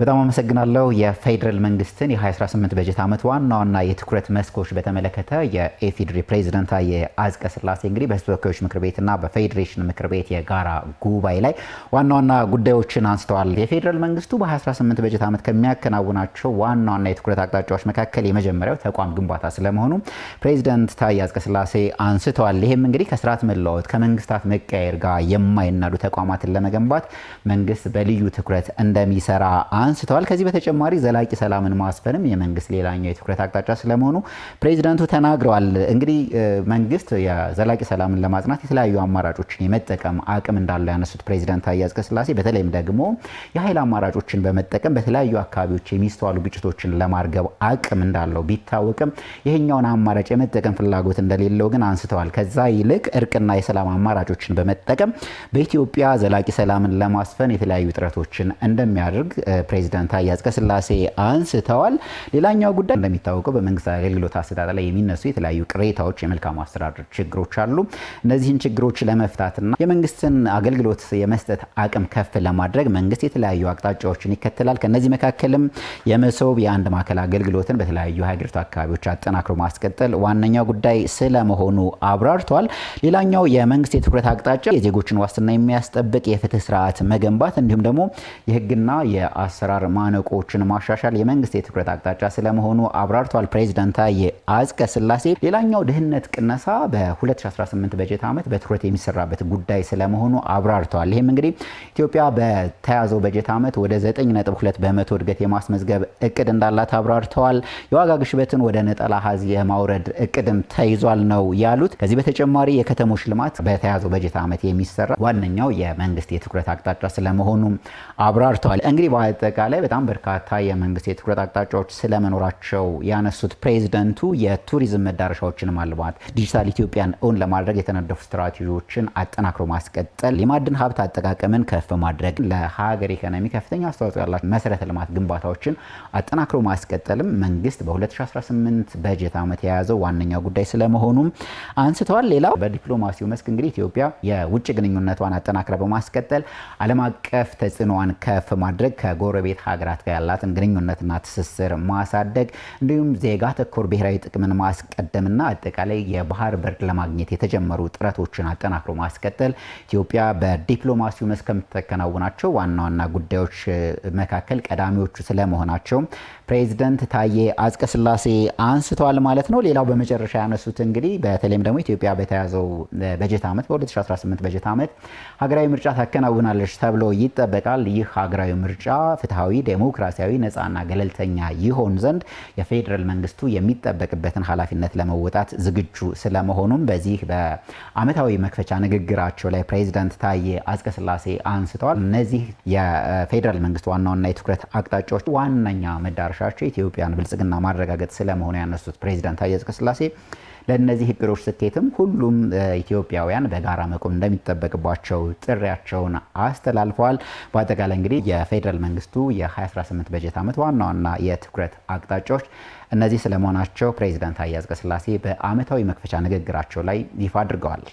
በጣም አመሰግናለሁ። የፌዴራል መንግስትን የ2018 በጀት ዓመት ዋና ዋና የትኩረት መስኮች በተመለከተ የኢፌዴሪ ፕሬዚደንት ታዬ አጽቀሥላሴ እንግዲህ በህዝብ ተወካዮች ምክር ቤትና በፌዴሬሽን ምክር ቤት የጋራ ጉባኤ ላይ ዋና ዋና ጉዳዮችን አንስተዋል። የፌዴራል መንግስቱ በ2018 በጀት ዓመት ከሚያከናውናቸው ዋና ዋና የትኩረት አቅጣጫዎች መካከል የመጀመሪያው ተቋም ግንባታ ስለመሆኑ ፕሬዚደንት ታዬ ስላሴ አንስተዋል። ይህም እንግዲህ ከስርዓት መለወጥ ከመንግስታት መቀያየር ጋር የማይናዱ ተቋማትን ለመገንባት መንግስት በልዩ ትኩረት እንደሚሰራ አንስተዋል። ከዚህ በተጨማሪ ዘላቂ ሰላምን ማስፈንም የመንግስት ሌላኛው የትኩረት አቅጣጫ ስለመሆኑ ፕሬዚዳንቱ ተናግረዋል። እንግዲህ መንግስት የዘላቂ ሰላምን ለማጽናት የተለያዩ አማራጮችን የመጠቀም አቅም እንዳለው ያነሱት ፕሬዚዳንት ታዬ አጽቀሥላሴ በተለይም ደግሞ የኃይል አማራጮችን በመጠቀም በተለያዩ አካባቢዎች የሚስተዋሉ ግጭቶችን ለማርገብ አቅም እንዳለው ቢታወቅም ይህኛውን አማራጭ የመጠቀም ፍላጎት እንደሌለው ግን አንስተዋል። ከዛ ይልቅ እርቅና የሰላም አማራጮችን በመጠቀም በኢትዮጵያ ዘላቂ ሰላምን ለማስፈን የተለያዩ ጥረቶችን እንደሚያደርግ ፕሬዚዳንት ታዬ አጽቀሥላሴ አንስተዋል። ሌላኛው ጉዳይ እንደሚታወቀው በመንግስት አገልግሎት አሰጣጥ ላይ የሚነሱ የተለያዩ ቅሬታዎች፣ የመልካም አስተዳደር ችግሮች አሉ። እነዚህን ችግሮች ለመፍታትና የመንግስትን አገልግሎት የመስጠት አቅም ከፍ ለማድረግ መንግስት የተለያዩ አቅጣጫዎችን ይከተላል። ከነዚህ መካከልም የመሶብ የአንድ ማዕከል አገልግሎትን በተለያዩ ሀገሪቱ አካባቢዎች አጠናክሮ ማስቀጠል ዋነኛው ጉዳይ ስለመሆኑ አብራርተዋል። ሌላኛው የመንግስት የትኩረት አቅጣጫ የዜጎችን ዋስትና የሚያስጠብቅ የፍትህ ስርዓት መገንባት እንዲሁም ደግሞ የህግና የአሰራ አሰራር ማነቆችን ማሻሻል የመንግስት የትኩረት አቅጣጫ ስለመሆኑ አብራርቷል። ፕሬዚዳንት ታዬ አጽቀ ሥላሴ ሌላኛው ድህነት ቅነሳ በ2018 በጀት ዓመት በትኩረት የሚሰራበት ጉዳይ ስለመሆኑ አብራርተዋል። ይህም እንግዲህ ኢትዮጵያ በተያዘው በጀት ዓመት ወደ 9.2 በመቶ እድገት የማስመዝገብ እቅድ እንዳላት አብራርተዋል። የዋጋ ግሽበትን ወደ ነጠላ ሀዝ የማውረድ እቅድም ተይዟል ነው ያሉት። ከዚህ በተጨማሪ የከተሞች ልማት በተያዘው በጀት ዓመት የሚሰራ ዋነኛው የመንግስት የትኩረት አቅጣጫ ስለመሆኑም አብራርተዋል። እንግዲህ ፖለቲካ ላይ በጣም በርካታ የመንግስት የትኩረት አቅጣጫዎች ስለመኖራቸው ያነሱት ፕሬዚደንቱ የቱሪዝም መዳረሻዎችን ማልማት፣ ዲጂታል ኢትዮጵያን እውን ለማድረግ የተነደፉ ስትራቴጂዎችን አጠናክሮ ማስቀጠል፣ የማዕድን ሀብት አጠቃቀምን ከፍ ማድረግ፣ ለሀገር ኢኮኖሚ ከፍተኛ አስተዋጽኦ ያላቸው መሰረተ ልማት ግንባታዎችን አጠናክሮ ማስቀጠልም መንግስት በ2018 በጀት ዓመት የያዘው ዋነኛው ጉዳይ ስለመሆኑም አንስተዋል። ሌላው በዲፕሎማሲው መስክ እንግዲህ ኢትዮጵያ የውጭ ግንኙነቷን አጠናክረ በማስቀጠል ዓለም አቀፍ ተጽዕኖዋን ከፍ ማድረግ ከጎረ ጎረቤት ሀገራት ጋር ያላትን ግንኙነትና ትስስር ማሳደግ እንዲሁም ዜጋ ተኮር ብሔራዊ ጥቅምን ማስቀደምና አጠቃላይ የባህር በር ለማግኘት የተጀመሩ ጥረቶችን አጠናክሮ ማስቀጠል ኢትዮጵያ በዲፕሎማሲው መስክ ከምትከናውናቸው ዋና ዋና ጉዳዮች መካከል ቀዳሚዎቹ ስለመሆናቸው ፕሬዚደንት ታዬ አጽቀሥላሴ አንስተዋል ማለት ነው። ሌላው በመጨረሻ ያነሱት እንግዲህ በተለይም ደግሞ ኢትዮጵያ በተያዘው በጀት ዓመት በ2018 በጀት ዓመት ሀገራዊ ምርጫ ታከናውናለች ተብሎ ይጠበቃል። ይህ ሀገራዊ ምርጫ ፍትሐዊ፣ ዴሞክራሲያዊ፣ ነፃና ገለልተኛ ይሆን ዘንድ የፌዴራል መንግስቱ የሚጠበቅበትን ኃላፊነት ለመወጣት ዝግጁ ስለመሆኑም በዚህ በዓመታዊ መክፈቻ ንግግራቸው ላይ ፕሬዚደንት ታዬ አጽቀሥላሴ አንስተዋል። እነዚህ የፌዴራል መንግስት ዋና ዋና የትኩረት አቅጣጫዎች ዋነኛ መዳረሻቸው ኢትዮጵያን ብልጽግና ማረጋገጥ ስለመሆኑ ያነሱት ፕሬዚደንት ታዬ አጽቀሥላሴ ለእነዚህ ችግሮች ስኬትም ሁሉም ኢትዮጵያውያን በጋራ መቆም እንደሚጠበቅባቸው ጥሪያቸውን አስተላልፈዋል። በአጠቃላይ እንግዲህ የፌዴራል መንግስቱ የ2018 በጀት ዓመት ዋና ዋና የትኩረት አቅጣጫዎች እነዚህ ስለመሆናቸው ፕሬዚዳንት አያዝቀስላሴ በአመታዊ በዓመታዊ መክፈቻ ንግግራቸው ላይ ይፋ አድርገዋል።